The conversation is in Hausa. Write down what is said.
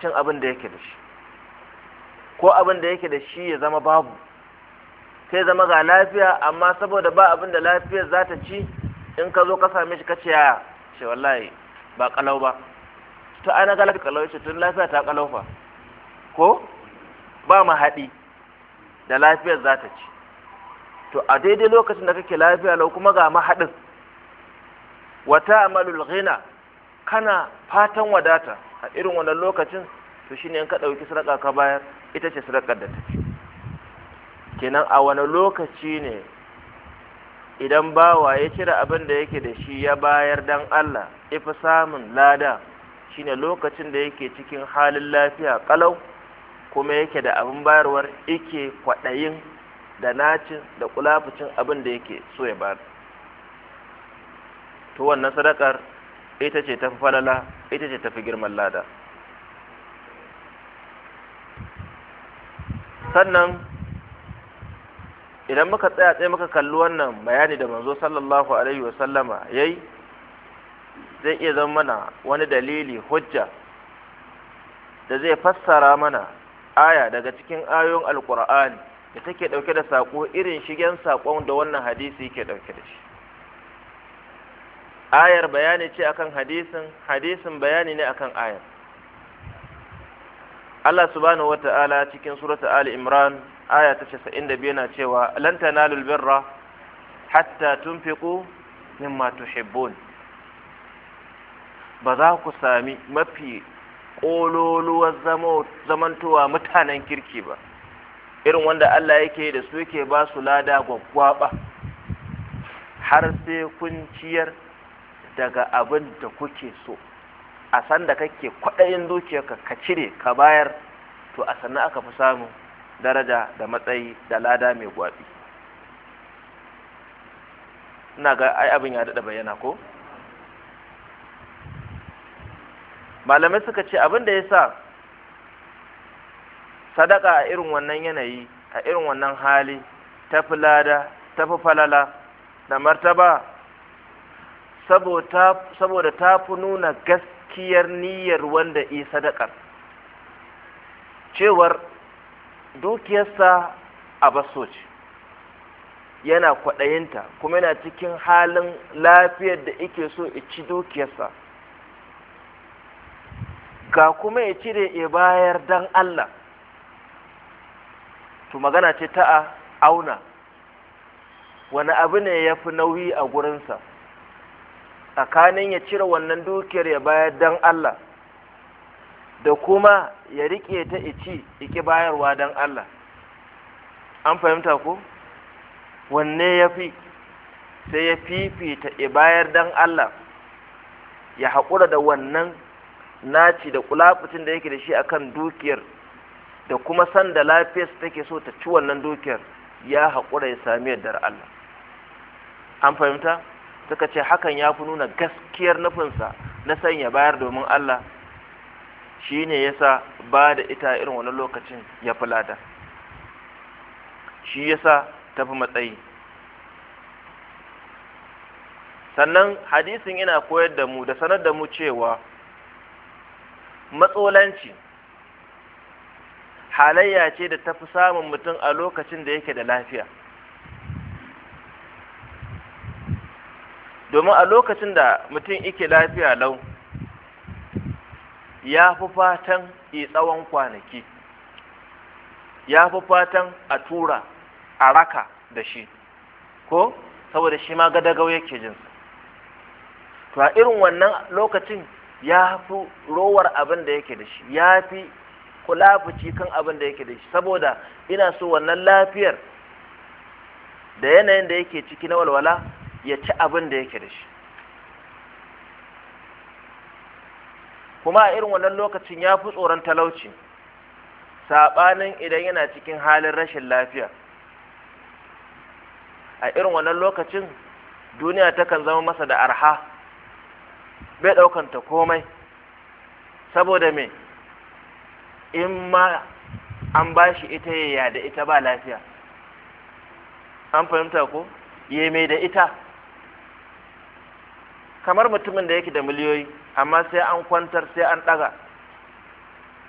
cin abin da yake da shi ko abin da yake da shi ya zama babu sai zama ga lafiya amma saboda ba abin da lafiyar za ta ci in ka zo ka same shi ka ce ya ce wallahi ba kalau ba to ana ga kalau ce tun lafiya ta kalau fa ko ba mu haɗi da lafiyar za ta ci to a daidai lokacin da kake lafiya lau kuma ga mahaɗin wata amalul ghina kana fatan wadata a irin wannan lokacin to shine in ka ɗauki sadaka ka bayar ita ce sadakar da ta kenan a wani lokaci ne idan bawa ya cire abin da yake da shi ya bayar dan Allah ifa samun lada shine lokacin da yake cikin halin lafiya kalau kuma yake da abin bayarwar yake kwaɗayin da nacin da kulafucin abin da yake so ya bayar to wannan sadakar ita ce tafi falala ita ce tafi girman lada sannan idan muka tsaya tsaye muka kalli wannan bayani da manzo sallallahu alaihi wa sallama yayi zai iya zama mana wani dalili hujja da zai fassara mana aya daga cikin ayoyin alkur'ani da take dauke da sako irin shigen sakon da wannan hadisi yake dauke da shi ayar bayani ce akan hadisin hadisin bayani ne akan ayar Allah subhanahu wata'ala cikin surata Ali Imran aya ta 95 na cewa lan tanalul birra hatta tunfiqu mimma tuhibbun ba za ku sami mafi ƙololuwar zamantowa mutanen kirki ba irin wanda Allah yake da su yake ba su lada gwaggwaba har sai kun ciyar daga abin da kuke so a sanda kake kwaɗayin dukiyarka ka cire ka bayar to a sannan aka fi samu daraja da matsayi da lada mai gwabi ina ga ai abin ya daɗa bayyana ko malamai suka ce abin da ya sa sadaka a irin wannan yanayi a irin wannan hali tafi lada tafi falala da martaba saboda ta fi nuna gaskiyar niyyar wanda yi sadakar cewar dukiyarsa a basoci yana kwaɗayinta kuma yana cikin halin lafiyar da ike so ci dukiyarsa ga kuma ya cire ya bayar dan Allah to magana ce ta a auna wani abu ne ya fi nauyi a gurinsa tsakanin ya cire wannan dukiyar ya bayar dan Allah da kuma ya rike ta ici iki bayarwa dan Allah an fahimta ko wanne ya fi sai ya fifita ibayar dan Allah ya haƙura da wannan naci da kulafucin da yake da shi akan dukiyar da kuma san da lafiyarsa take so ta ci wannan dukiyar ya haƙura ya sami yardar Allah an fahimta suka ce hakan ya fi nuna gaskiyar nufinsa na sanya bayar domin Allah shi ne ya sa ba da ita irin wani lokacin ya fi lada shi ya sa tafi matsayi sannan hadisin yana koyar da mu da sanar da mu cewa matsolanci halayya ce da tafi samun mutum a lokacin da yake da lafiya domin a lokacin da mutum ike lafiya lau ya fi fatan yi tsawon kwanaki ya fi fatan a tura a raka da shi ko saboda shi ma gadagau yake jinsa to a irin wannan lokacin ya fi rowar abin da yake da shi ya fi kula fici kan abin da yake da shi saboda ina so wannan lafiyar da yanayin da yake ciki na walwala ya ci abin da yake da shi kuma a irin wannan lokacin ya fi tsoron talauci saɓanin idan yana cikin halin rashin lafiya a irin wannan lokacin duniya takan zama masa da arha bai ɗaukanta komai saboda me in ma an ba shi ita yaya da ita ba lafiya an fahimta ko ya mai da ita kamar mutumin da yake da miliyoyi amma sai an kwantar sai an ɗaga